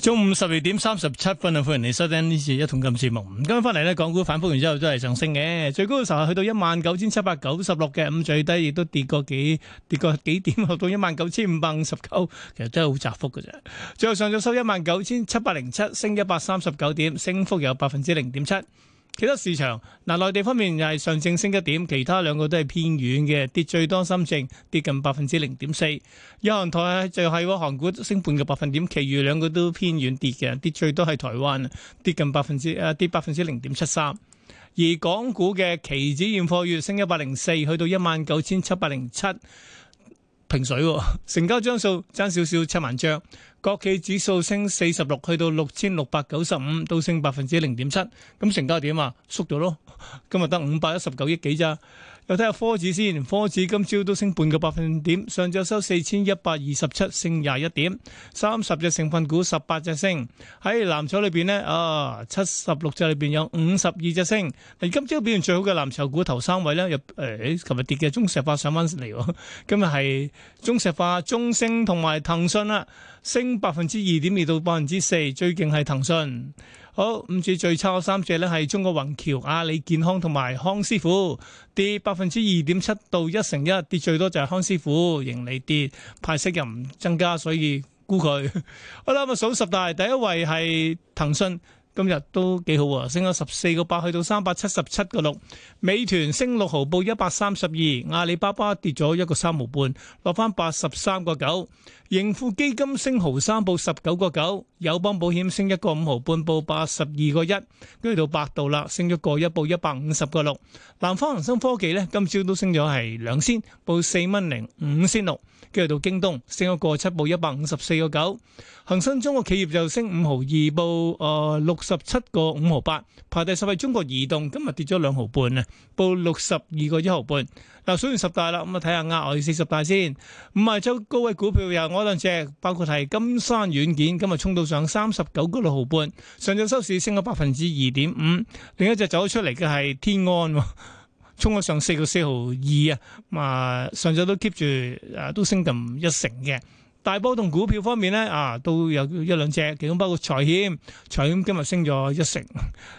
中午十二點三十七分啊，歡迎你收聽呢次一桶金節目。咁今日翻嚟咧，港股反覆完之後都係上升嘅，最高嘅時候係去到一萬九千七百九十六嘅，咁最低亦都跌過幾跌過幾點，落到一萬九千五百五十九，其實都係好窄幅嘅啫。最後上晝收一萬九千七百零七，升一百三十九點，升幅有百分之零點七。其他市場嗱，內地方面又係上證升一點，其他兩個都係偏遠嘅，跌最多深，深證跌近百分之零點四。有行台就係喎，韓股升半個百分點，其餘兩個都偏遠跌嘅，跌最多係台灣，跌近百分之誒跌，跌百分之零點七三。而港股嘅期指現貨月升一百零四，去到一萬九千七百零七。平水喎， 成交張數爭少少七萬張，國企指數升四十六，去到六千六百九十五，都升百分之零點七，咁成交點啊，縮咗咯，今日得五百一十九億幾咋？又睇下科指先，科指今朝都升半個百分點，上晝收四千一百二十七，升廿一點，三十隻成分股十八隻升，喺藍籌裏邊呢，啊七十六隻裏邊有五十二隻升，但今朝表現最好嘅藍籌股頭三位呢，入誒琴日跌嘅中石化上翻嚟喎，今日係中石化、中升同埋騰訊啦，升百分之二點二到百分之四，最勁係騰訊。好，五注最差三隻咧，係中國宏橋、阿里健康同埋康師傅，跌百分之二點七到一成一，跌最多就係康師傅，盈利跌派息又唔增加，所以沽佢。 好啦，咁數十大第一位係騰訊，今日都幾好啊，升咗十四個八，去到三百七十七個六。美團升六毫報一百三十二，阿里巴巴跌咗一個三毫半，落翻八十三個九。盈富基金升毫三，報十九個九；友邦保險升一個五毫半，報八十二個一。跟住到百度啦，升咗個一，報一百五十個六。南方恒生科技呢，今朝都升咗係兩仙，報四蚊零五仙六。跟住到京東，升咗個七，報一百五十四個九。恒生中國企業就升五毫二，報誒六十七個五毫八。排第十位中國移動，今日跌咗兩毫半啊，報六十二個一毫半。嗱，數完十大啦，咁啊睇下額外四十大先。咁啊，周高位股票又我兩隻，包括係金山軟件，今日衝到上三十九個六毫半，上晝收市升咗百分之二點五。另一隻走咗出嚟嘅係天安，衝 咗上四個四毫二啊，嘛上晝都 keep 住啊都升近一成嘅。大波同股票方面咧，啊，都有一兩隻，其中包括財險，財險今日升咗一成，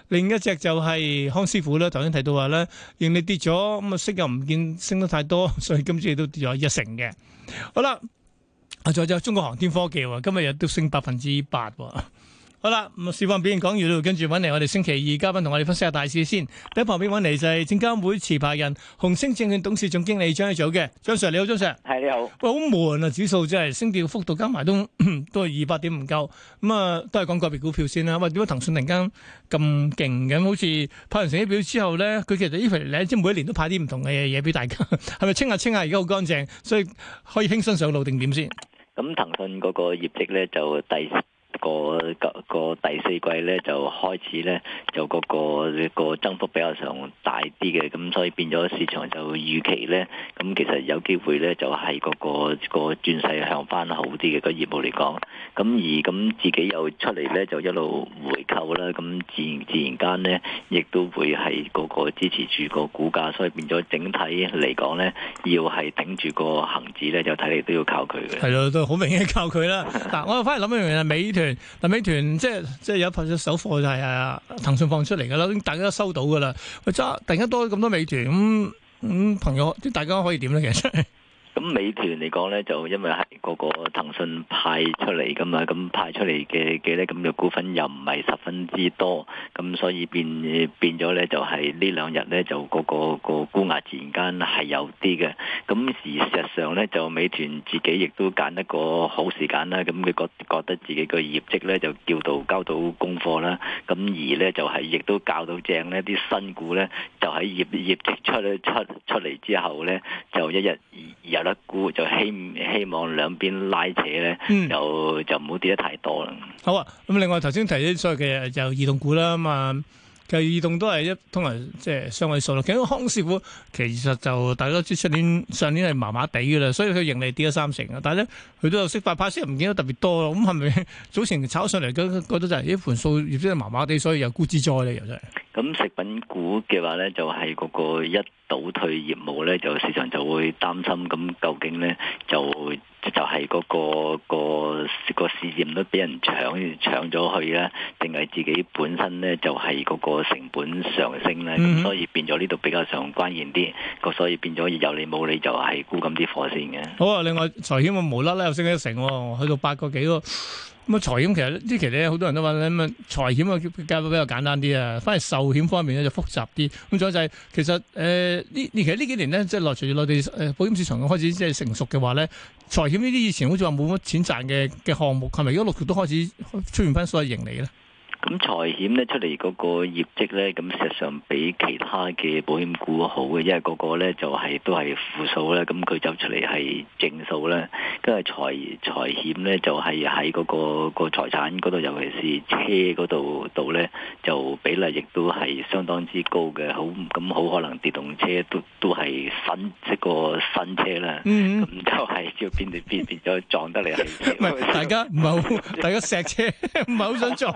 另一隻就係康師傅啦。頭先提到話咧，盈利跌咗，咁啊息又唔見升得太多，所以今次都跌咗一成嘅。好啦，啊再就中國航天科技喎，今日又都升百分之八喎。好啦，咁示範表演講完啦，跟住揾嚟我哋星期二嘉賓同我哋分析下大市先。喺旁邊揾嚟就係證監會持牌人、紅星證券董事總經理張一 i 嘅張 Sir，你好，張 Sir。係你好。喂，好悶啊，指數真係升調幅度加埋都 都係二百點唔夠。咁、嗯、啊，都係講個別股票先啦、啊。喂，點解騰訊突然間咁勁嘅？好似派完成績表之後咧，佢其實呢排即係每一年都派啲唔同嘅嘢嘢俾大家，係 咪清下清下？而家好乾淨，所以可以輕身上路定點先？咁騰訊嗰個業績咧就第……個個第四季咧就開始咧，就嗰個個增幅比較上大啲嘅，咁所以變咗市場就預期咧，咁其實有機會咧就係嗰個個轉勢向翻好啲嘅個業務嚟講，咁而咁自己又出嚟咧就一路回購啦，咁自然自然間咧亦都會係個個支持住個股價，所以變咗整體嚟講咧要係頂住個恒指咧就睇嚟都要靠佢嘅。係咯，都好明顯靠佢啦。嗱，我又翻嚟諗一樣嘢，美。美但美團即係即係有一份首貨就係騰訊放出嚟㗎啦，大家都收到㗎啦。揸突然間多咗咁多美團，咁、嗯、咁、嗯、朋友即大家可以點咧？其實。咁美團嚟講咧，就因為係個個騰訊派出嚟噶嘛，咁派出嚟嘅嘅咧，咁嘅股份又唔係十分之多，咁所以變變咗咧，就係呢兩日咧，就個個個股壓自然間係有啲嘅。咁事實上咧，就美團自己亦都揀一個好時間啦，咁佢覺覺得自己個業績咧就叫到交到功課啦。咁而咧就係、是、亦都教到正呢啲新股咧就喺業業績出出出嚟之後咧，就一日。有就希希望兩邊拉扯咧，就就唔好跌得太多啦。 好啊，咁另外頭先提咗所謂嘅就移動股啦嘛，嗯，其實移動都係一通常即係雙位數啦。其實康師傅其實就大家都知年 上年上年係麻麻地噶啦，所以佢盈利跌咗三成啊。但係咧佢都有釋法派，雖然唔見得特別多咯。咁係咪早前炒上嚟嘅，覺得就係呢盤數業績麻麻地，所以有估之災咧，又真、就、係、是。咁食品股嘅話咧，就係、是、嗰個一倒退業務咧，就市場就會擔心。咁究竟咧，就就係、是、嗰、那個個個市佔率俾人搶搶咗去咧，定係自己本身咧就係、是、嗰個成本上升咧、嗯，所以變咗呢度比較上關鍵啲。個所以變咗有理冇理就係沽咁啲貨先嘅。好啊，另外財險嘅無啦啦又升咗成，去到八個幾喎。咁啊，財險其實呢期咧好多人都話咧。咁啊，財險啊比較簡單啲啊，反而壽險方面咧就複雜啲。咁再就係、是、其實誒呢呢其實呢幾年咧，即係內隨內地誒保險市場開始即係成熟嘅話咧，財險呢啲以前好似話冇乜錢賺嘅嘅項目，係咪而家陸續都開始出現翻所謂盈利咧？咁財險咧出嚟嗰個業績咧，咁事實上比其他嘅保險股好嘅，因為個個咧就係、是、都係負數啦。咁佢走出嚟係正數啦，跟住財財險咧就係喺嗰個個財產嗰度，尤其是車嗰度度咧，就比例亦都係相當之高嘅。好咁好可能電動車都都係新即個新車啦，咁就係要邊度邊邊咗撞得嚟。唔係、嗯嗯、大家唔係好大家錫車，唔係好想撞。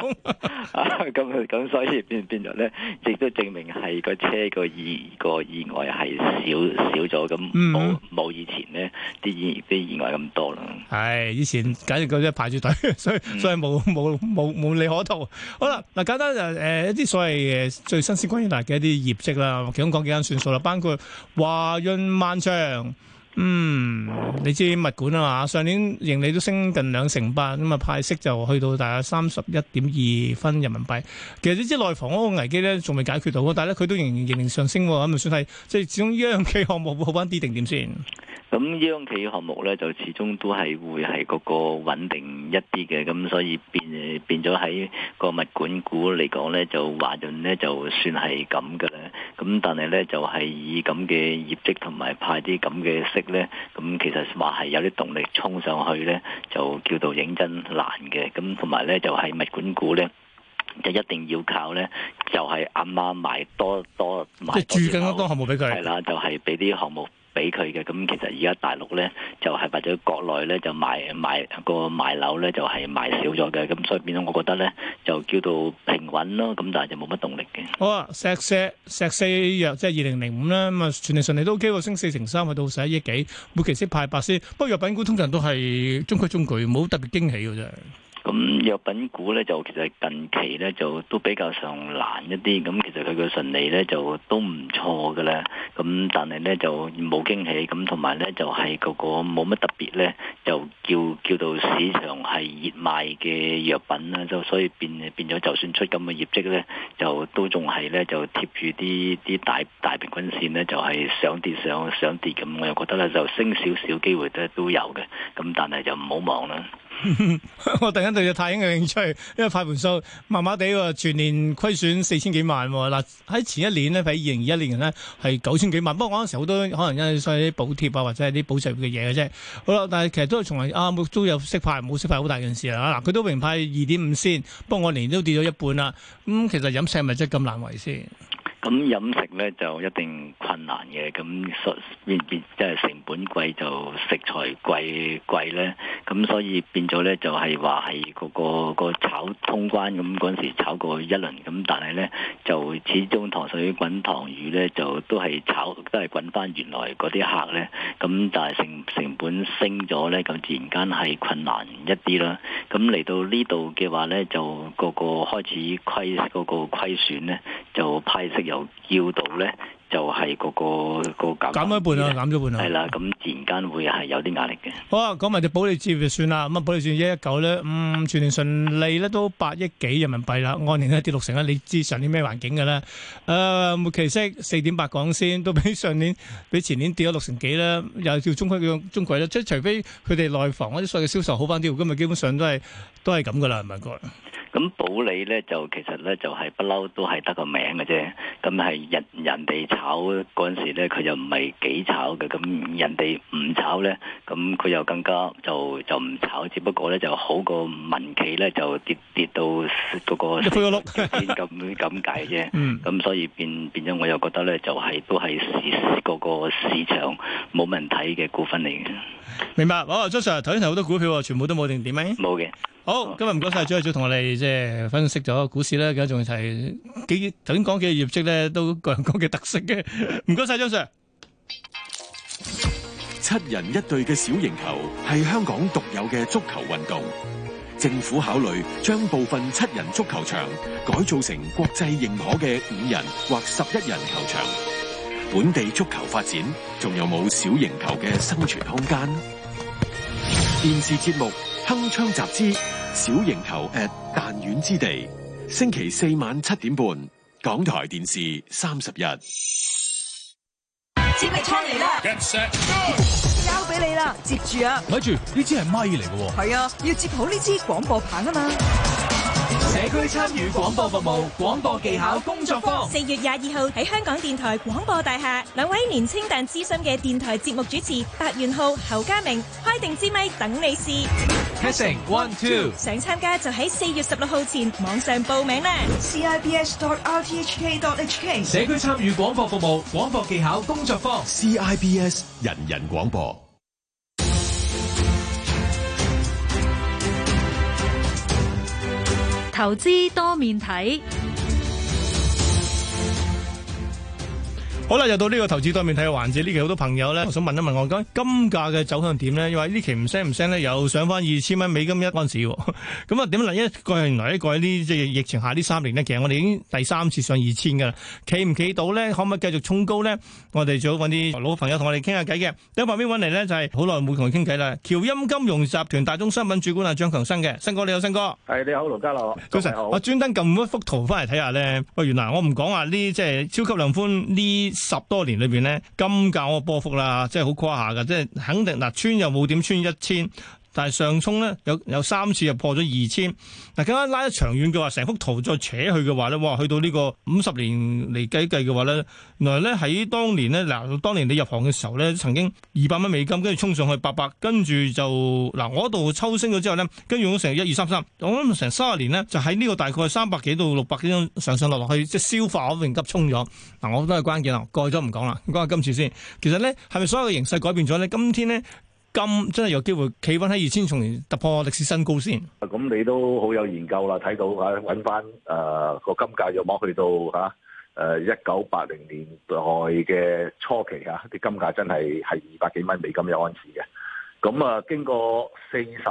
咁咁、啊、所以變變咗咧，亦都證明係個車個意個意外係少少咗，咁冇冇以前咧啲啲意外咁多啦。係、哎、以前簡直嗰啲排住隊，所以所以冇冇冇冇利可圖。好啦，嗱簡單就誒、呃、一啲所謂最新鮮關於大嘅一啲業績啦，其中講幾間算數啦，包括華潤萬象。嗯，你知物管啊嘛，上年盈利都升近兩成八，咁啊派息就去到大概三十一點二分人民幣。其實呢啲內房嗰個危機咧，仲未解決到，但係咧佢都仍然盈利上升，咁、嗯、啊算係即係始終央企項目會好翻啲定點先？咁、嗯、央企項目咧就始終都係會係嗰個穩定一啲嘅，咁所以變誒變咗喺個物管股嚟講咧，就華潤咧就算係咁嘅啦，咁但係咧就係、是、以咁嘅業績同埋派啲咁嘅息。咧，咁其實話係有啲動力衝上去咧，就叫做認真難嘅。咁同埋咧，就係物管股咧，就一定要靠咧，就係阿媽媽買多多買。即係注更多項目俾佢。係啦，就係俾啲項目。俾佢嘅。咁，其實而家大陸咧就係或者國內咧就賣賣個賣，賣樓咧就係賣少咗嘅，咁所以變咗我覺得咧就叫做平穩咯，咁但係就冇乜動力嘅。好啊，石石石四藥即係二零零五啦。咁、就、啊、是、全嚟順利都 O、OK, K 升四成三去到十一億幾，每期先派白先。不過藥品股通常都係中規中矩，冇特別驚喜嘅啫。咁藥品股咧就其實近期咧就都比較上難一啲，咁其實佢嘅純利咧就都唔錯㗎喇，咁但係咧就冇驚喜，咁同埋咧就係、是、嗰個冇乜特別咧，就叫叫做市場係熱賣嘅藥品啦，就所以變變咗就算出咁嘅業績咧，就都仲係咧就貼住啲啲大大平均線咧，就係、是、上跌上上跌咁，我又覺得咧就升少少機會都都有嘅，咁但係就唔好望啦。 我突然間對隻太興嘅興趣，因為派盤數麻麻地喎，全年虧損四千幾萬。嗱、呃、喺前一年咧，喺二零二一年咧係九千幾萬，不過嗰陣時好多可能因為需要啲補貼啊，或者係啲補償嘅嘢嘅啫。好啦，但係其實都係從來啊，都有息派，冇息派好大件事啦。嗱、呃，佢都榮派二點五先，不過我年都跌咗一半啦。咁、嗯、其實飲食咪真係咁難為先。咁飲食咧就一定困難嘅，咁變即係成本貴就食材貴貴咧，咁所以變咗咧就係話係個個，個炒通關咁嗰陣時炒過一輪，咁但係咧就始終糖水滾糖魚咧就都係炒都係滾返原來嗰啲客咧，咁但係成成本升咗咧，咁自然間係困難一啲啦。咁嚟到呢度嘅話咧，就個個開始虧嗰、嗰個虧損咧就派息就叫到咧，就係嗰個個減減咗半啦，減咗半啦。係啦，咁自然間會係有啲壓力嘅。好啊，講埋就保利置業就算啦。咁啊，保利置業一一九咧，嗯，全年純利咧都八億幾人民幣啦。按年咧跌六成啦。你知上年咩環境嘅咧？誒，末期息四點八港仙，都比上年比前年跌咗六成幾啦。又叫中規中矩啦，即係除非佢哋內房嗰啲稅嘅銷售好返啲，今日基本上都係都係咁噶啦，係咪個？咁保利咧就其實咧就係、是、不嬲都係得個名嘅啫，咁係人人哋炒嗰陣時咧佢又唔係幾炒嘅，咁人哋唔炒咧，咁佢又更加就就唔炒，只不過咧就好過民企咧就跌跌到嗰、那個一灰一碌先咁咁解啫，咁所以變變咗我又覺得咧就係、是、都係市個個市場冇人睇嘅股份嚟嘅。明白，哦，張 Sir，頭先睇好多股票喎，全部都冇定點咩？冇嘅。好，今日唔該晒張 Sir，同我哋即係分析咗股市咧，而家仲要睇頭先講嘅業績咧，都各有各嘅特色嘅。唔該晒張 Sir。七人一隊嘅小型球係香港獨有嘅足球運動。政府考慮將部分七人足球場改造成國際認可嘅五人或十一人球場。本地足球發展仲有冇小型球嘅生存空間？電視節目《鏗鏘集》之小型球 at 彈丸之地，星期四晚七點半，港台電視三十日。接你出嚟啦，交俾 Get set.、hey, 你啦，接住啊！睇住呢支係咪嚟嘅喎，係啊，要接好呢支廣播棒啊嘛。社區參與廣播服務，廣播技巧工作坊，四月廿二號喺香港電台廣播大廈，兩位年青但資深嘅電台節目主持，白元浩、侯家明，開定支咪等你試。Testing，one two，想參加就喺四月十六號前網上報名啦。c i b s dot r t h k dot h k 社區參與廣播服務，廣播技巧工作坊，c i b s 人人廣播。投資多面睇。好啦，又到呢個投資方面睇嘅環節，呢期好多朋友咧，想問一問我，講金價嘅走向點咧？因為不發不發呢期唔升唔升咧，又上翻二千蚊美金一安士，咁啊點咧？一個原來一喺呢，即疫情下呢三年咧，其實我哋已經第三次上二千噶啦，企唔企到咧？可唔可以繼續衝高咧？我哋最好揾啲老朋友同我哋傾下偈嘅，喺旁邊揾嚟咧就係好耐冇同佢傾偈啦。僑鑫金融集團大宗商品主管啊張強生嘅，新哥，你好，新哥、欸、你好，新哥係你好，家樂早晨好。我專登撳一幅圖翻嚟睇下咧，喂，原來我唔講話呢，即係超級量寬呢。十多年裏邊呢，金價嘅波幅啦，即係好誇下嘅，即係肯定嗱，穿又冇點穿一千。但係上沖咧，有有三次就破咗二千。嗱、啊，更加拉得長遠嘅話，成幅圖再扯去嘅話咧，哇，去到個呢個五十年嚟計計嘅話咧，原來咧喺當年咧，嗱，當年你入行嘅時候咧，曾經二百蚊美金跟住衝上去八百，跟住就嗱、啊、我度抽升咗之後咧，跟住用成一二三三，我諗成三十年咧，就喺呢個大概三百幾到六百幾張上上落落去，即係消化嗰份急衝咗。嗱、啊，我都係關鍵啦，過咗唔講啦，講下今次先。其實咧，係咪所有嘅形勢改變咗咧？今天咧？金真係有機會企穩喺二千，重突破歷史新高先。咁你都好有研究啦，睇到啊，揾翻誒個金價又摸去到嚇誒一九八零年代嘅初期嚇，啲、啊、金價真係係二百幾蚊美金一盎司嘅。咁啊，經過四十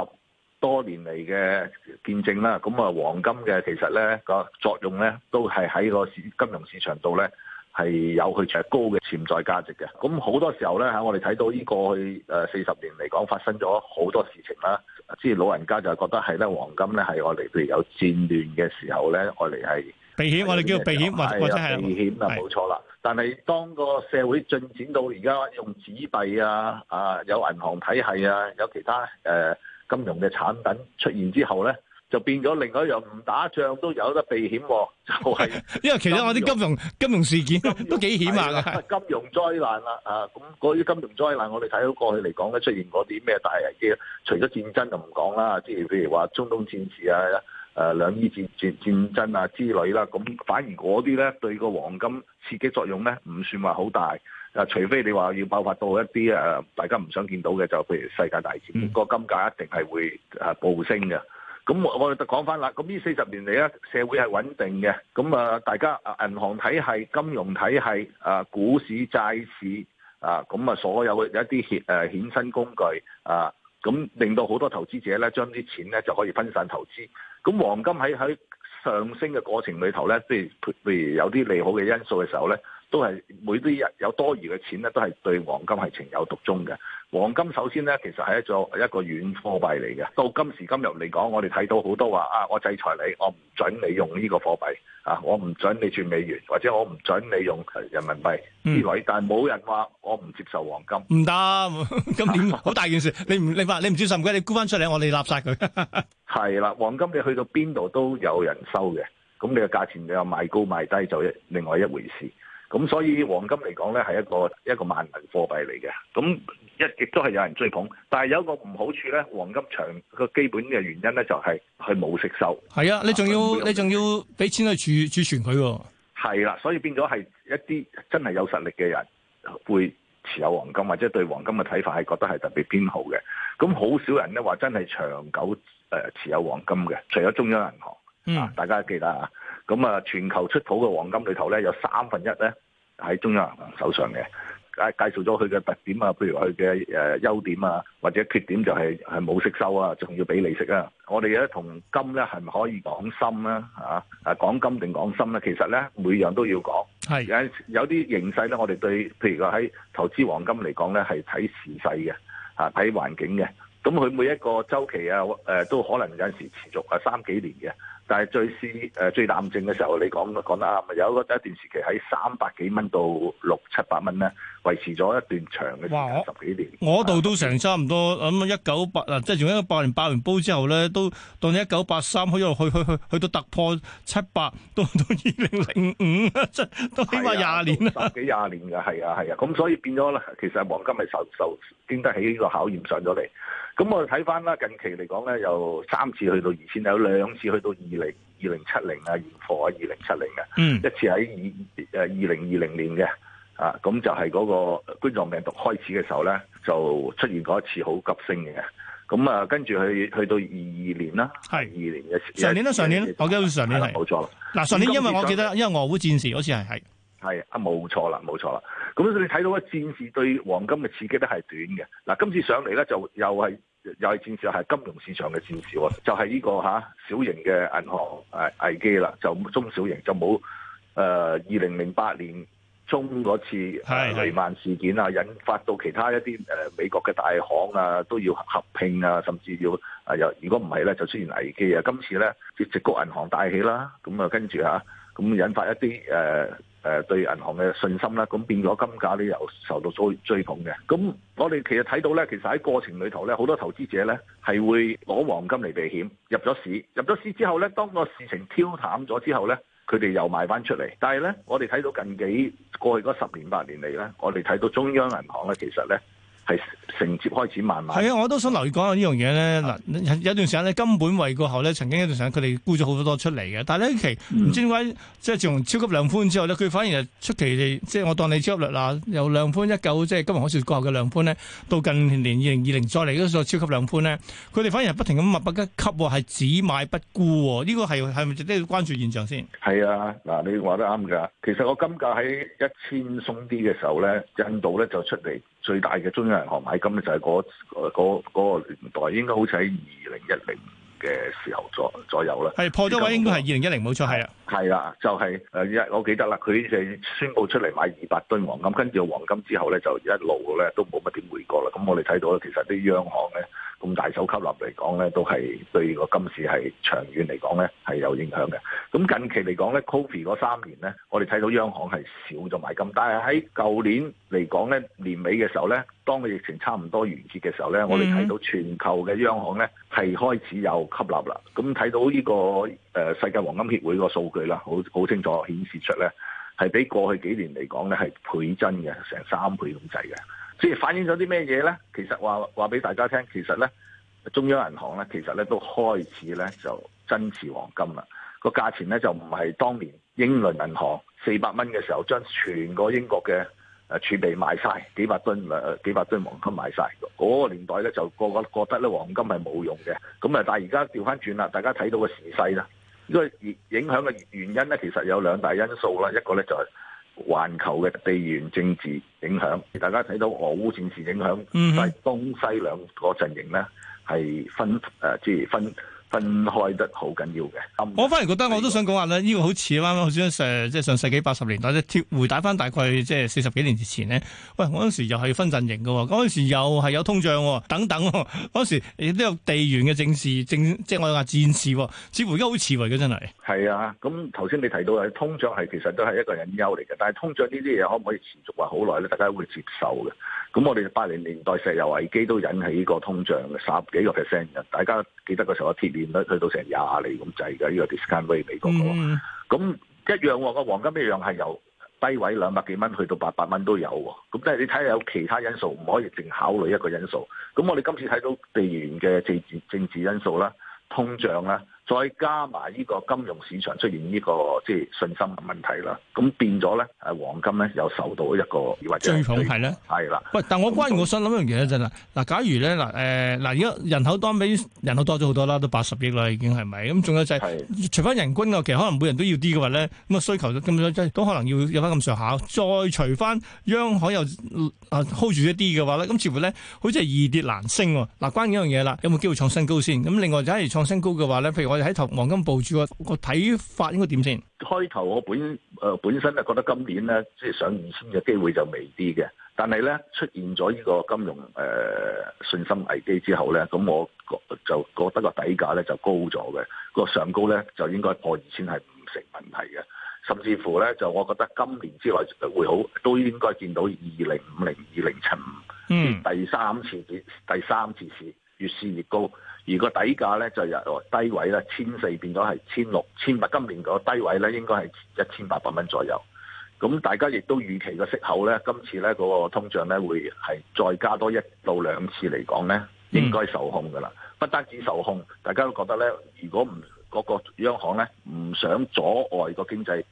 多年嚟嘅見證啦，咁啊，黃金嘅其實咧個作用咧都係喺個市金融市場度咧。係有佢著高嘅潛在價值嘅，咁好多時候咧嚇，我哋睇到呢過去四十年嚟講發生咗好多事情啦，即係老人家就覺得係咧黃金咧，係我哋譬如有戰亂嘅時候咧，我哋係避險，我哋叫避險是或者係避險啊，冇是錯啦。但係當個社會進展到而家用紙幣啊啊有銀行體系啊，有其他誒、呃、金融嘅產品出現之後咧。就變咗另外一樣，唔打仗都有得避險、啊，就係、是、 因為其實我啲金融金融事件都幾險啊！金融災難啦，啊咁嗰啲金融災難，我哋睇到過去嚟講咧，出現過啲咩大危機，除咗戰爭就唔講啦，即係譬如話中東戰事啊、誒兩伊戰戰戰爭啊之類啦，咁、啊、反而嗰啲咧對個黃金刺激作用咧，唔算話好大。啊，除非你話要爆發到一啲誒、啊、大家唔想見到嘅，就譬如世界大戰，嗯、個金價一定係會啊暴升嘅。咁我我哋講翻啦，咁呢四十年嚟咧，社會係穩定嘅，咁啊，大家銀行體系、金融體系、啊股市、債市啊，咁啊，所有嘅一啲衍誒衍生工具啊，咁令到好多投資者咧，將啲錢咧就可以分散投資。咁黃金喺喺上升嘅過程裏頭咧，即係譬如有啲利好嘅因素嘅時候咧。都係每啲日有多餘嘅錢咧，都係對黃金係情有獨鍾嘅。黃金首先咧，其實係一種一個軟貨幣嚟嘅。到今時今日嚟講，我哋睇到好多話啊，我制裁你，我唔准你用呢個貨幣啊，我唔准你轉美元，或者我唔准你用人民幣之類，嗯、但係冇人話我唔接受黃金。唔得，咁點好大件事， 你唔你話你唔接受唔該，你沽翻出嚟，我哋納晒佢。係 啦，黃金你去到邊度都有人收嘅，咁你嘅價錢又賣高賣低就一另外一回事。咁所以黃金嚟講咧，係一個一個萬能貨幣嚟嘅。咁亦都係有人追捧，但係有一個唔好處咧，黃金長個基本嘅原因咧，就係佢冇息收。係啊，你仲要、啊、你仲要俾、嗯、錢去儲儲存佢喎。係啦、啊，所以變咗係一啲真係有實力嘅人會持有黃金，或者對黃金嘅睇法係覺得係特別偏好嘅。咁好少人咧話真係長久誒持有黃金嘅，除咗中央銀行。嗯、啊，大家記得啊。咁啊，全球出土嘅黃金裏頭咧，有三分一咧喺中央銀行手上嘅。介介紹咗佢嘅特點啊，譬如佢嘅誒優點啊，或者缺點就係係冇息收啊，仲要俾利息啊。我哋咧同金咧係唔可以講深咧嚇？啊講金定講深咧？其實咧每樣都要講。係是有有啲形勢咧，我哋對譬如話喺投資黃金嚟講咧，係睇時勢嘅啊，睇環境嘅。咁佢每一個周期啊，誒、呃、都可能有陣時持續啊三幾年嘅。但係最是誒最淡靜嘅時候，你講講得啱，咪有一個一段時期喺三百幾蚊到六七百蚊咧，維持咗一段長嘅時間哇十幾年。我度都成差唔多咁啊！一九八嗱，即係一喺八零八完煲之後咧，都當一九八三去到去去去去到突破七百，5, 的到到二零零五，即係點話廿年十幾廿年㗎，係啊係啊，咁所以變咗啦，其實黃金係受受經得起呢個考驗上咗嚟。咁我哋睇翻啦，近期嚟講咧，有三次去到二千，有兩次去到二零二零七零啊，現貨啊二零七零嘅，一次喺二誒二零二零年嘅，啊，咁就係、是、嗰個冠狀病毒開始嘅時候咧，就出現過一次好急升嘅，咁啊，跟住去去到二是二年啦，二年嘅上年咧、啊，上年、啊、我記得上年係冇錯啦。嗱對上年，錯上年因為我記得，年因為俄烏年戰事好似係係。係啊，冇 錯啦，冇錯啦。咁你睇到嘅戰事對黃金嘅刺激都係短嘅。嗱，今次上嚟咧就又係又係戰事，係金融市場嘅戰事喎。就係、是、呢個嚇小型嘅銀行誒危機啦，就中小型就冇誒二零零八年中嗰次雷曼事件啊，引發到其他一啲誒美國嘅大行啊都要合併啊，甚至要誒又如果唔係咧就出現危機啊。今次咧就矽谷銀行大起啦，咁啊跟住嚇咁引發一啲誒。誒對銀行嘅信心啦，咁變咗金價咧又受到追追捧嘅。咁我哋其實睇到咧，其實喺過程裏頭咧，好多投資者咧係會攞黃金嚟避險，入咗市，入咗市之後咧，當個事情挑淡咗之後咧，佢哋又賣翻出嚟。但係咧，我哋睇到近幾過去嗰十年八年嚟咧，我哋睇到中央銀行咧，其實咧。係承接開始慢慢係啊。我都想留意講下呢樣嘢咧。嗱、啊，有段時間咧，金本位過後咧，曾經一段時間佢哋沽咗好多出嚟嘅。但係呢期唔、嗯、知點解，即係從超級量寬之後咧，佢反而出奇地，即係我當你超級量嗱，由量寬一九即係金融海嘯過後嘅量寬咧，到近年二零二零再嚟嗰個超級量寬咧，佢哋反而係不停咁密密一級，係只買不沽。呢個係係咪值得關注現象先？係啊！嗱，你話得啱㗎。其實我金價喺一千鬆啲嘅時候咧，印度咧就出嚟。最大嘅中央銀行買金咧就係嗰嗰個年代，應該好似喺二零一零嘅時候左右是左右啦。係破咗位，是應該係二零一零冇錯，係啊。係啦，就係誒一，我記得啦，佢就宣布出嚟買二百噸黃金，跟住黃金之後咧就一路咧都冇乜點回過啦。咁我哋睇到咧，其實啲央行咧。咁大手吸納嚟講咧，都係對個金市係長遠嚟講咧係有影響嘅。咁近期嚟講咧，COVID 嗰三年咧，我哋睇到央行係少咗買金，但係喺舊年嚟講咧，年尾嘅時候咧，當個疫情差唔多完結嘅時候咧，我哋睇到全球嘅央行咧係開始有吸納啦。咁睇到呢個誒、呃、世界黃金協會個數據啦，好好清楚顯示出咧係比過去幾年嚟講咧係倍增嘅，成三倍咁滯嘅。即係反映咗啲咩嘢咧？其實話話俾大家聽，其實咧中央銀行咧，其實咧都開始咧就增持黃金啦。個價錢咧就唔係當年英倫銀行四百蚊嘅時候，將全個英國嘅誒儲備賣晒，幾百噸誒幾百噸黃金賣晒。嗰個年代咧就個個覺得咧黃金係冇用嘅。咁啊，但係而家調翻轉啦，大家睇到個時勢啦。呢個影響嘅原因咧，其實有兩大因素啦。一個咧就係。環球嘅地緣政治影響，大家睇到俄烏戰事影響，mm hmm. 但係東西兩個陣營咧係分，誒、呃，即係分。分開得好緊要嘅，我反而覺得我都想講下啦，呢個好似啱啱好似上即係上世紀八十年代即咧，回帶返大概即係四十幾年之前咧。喂，嗰陣時又係分陣營嘅，嗰陣時又係有通脹等等。嗰陣時亦都有地緣嘅政事，政即係我話戰事，似乎而家好似為嘅真係。係啊，咁頭先你提到係通脹係其實都係一個隱憂嚟嘅，但係通脹呢啲嘢可唔可以持續話好耐咧？大家會接受嘅。咁我哋八零年代石油危機都引起個通脹嘅十幾個 percent 嘅，大家記得嗰時候去到成廿釐咁滯嘅，呢個 discount rate 美國嚟咁一樣喎。個黃金一樣係由低位兩百幾蚊去到八百蚊都有喎。咁即係你睇下有其他因素，唔可以淨考慮一個因素。咁我哋今次睇到地緣嘅政政治因素啦，通脹啦。再加埋呢個金融市場出現呢個即係信心嘅問題啦，咁變咗咧，誒黃金咧又受到一個，或者係咧係啦。喂，了但我關於我想諗一樣嘢咧，真啦嗱，假如咧嗱誒嗱而家人口當比人口多咗好多啦，都八十億啦已經係咪？咁仲有就係、是、是除翻人均嘅，其實可能每人都要啲嘅話咧，咁啊需求咁多，即係都可能要有翻咁上下。再除翻央，央行又啊 hold 住一啲嘅話咧，咁似乎咧好似係易跌難升。嗱、啊，關於呢樣嘢啦，有冇機會創新高先？咁另外就係創新高嘅話咧，譬如。我哋喺投黃金部署，個睇法應該點先？開頭我本誒、呃、本身咧覺得今年咧即係上二千嘅機會就微啲嘅，但係咧出現咗呢個金融誒、呃、信心危機之後咧，咁我就覺得個底價咧就高咗嘅，個上高咧就應該破二千係唔成問題嘅，甚至乎咧就我覺得今年之內會好，都應該見到二零五零、二零七五，嗯，第三次試、第三次試越試越高。而個底價咧就由低位啦，千四變咗係千六、千八。今年個低位咧應該係一千八百蚊左右。咁大家亦都預期個息口咧，今次咧嗰個通脹咧會係再加多一到兩次嚟講咧，應該受控噶啦。不單止受控，大家都覺得咧，如果唔嗰個央行咧唔想阻礙個經濟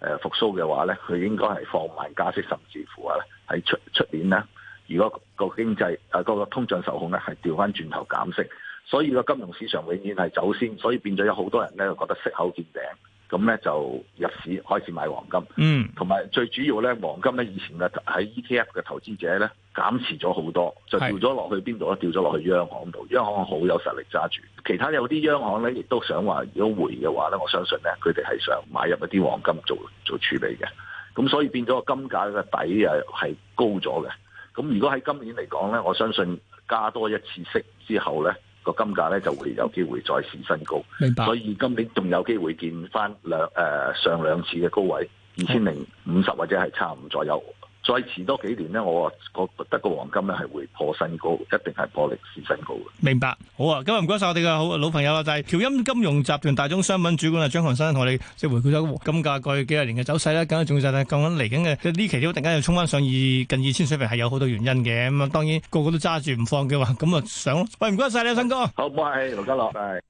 誒復甦嘅話咧，佢應該係放慢加息，甚至乎啊喺出出年咧，如果個經濟啊嗰個通脹受控咧，係調翻轉頭減息。所以個金融市場永遠係走先，所以變咗有好多人咧，覺得息口見頂，咁咧就入市開始買黃金。嗯，同埋最主要咧，黃金咧以前咧喺 ETF 嘅投資者咧減持咗好多，就掉咗落去邊度咧？掉咗落去央行度，央行好有實力揸住。其他有啲央行咧，亦都想話如果回嘅話咧，我相信咧佢哋係想買入一啲黃金做做儲備嘅。咁所以變咗個金價嘅底係係高咗嘅。咁如果喺今年嚟講咧，我相信加多一次息之後咧。個金價咧就會有機會再試新高，明白。所以今年仲有機會見翻兩誒上兩次嘅高位二千零五十或者係差唔多左右。再遲多幾年咧，我覺得個黃金咧係會破新高，一定係破歷史新高。明白，好啊！今日唔該晒我哋嘅好老朋友啦，就係、是、僑音金融集團大宗商品主管啊張漢生同我哋即係回顧咗金價過去幾十年嘅走勢啦。咁啊仲要就係講緊嚟緊嘅呢期都突然間又衝翻上二近二千水平，係有好多原因嘅咁啊。當然個個都揸住唔放嘅話，咁啊上。喂唔該晒你啊，新哥，好拜，劉家樂，拜。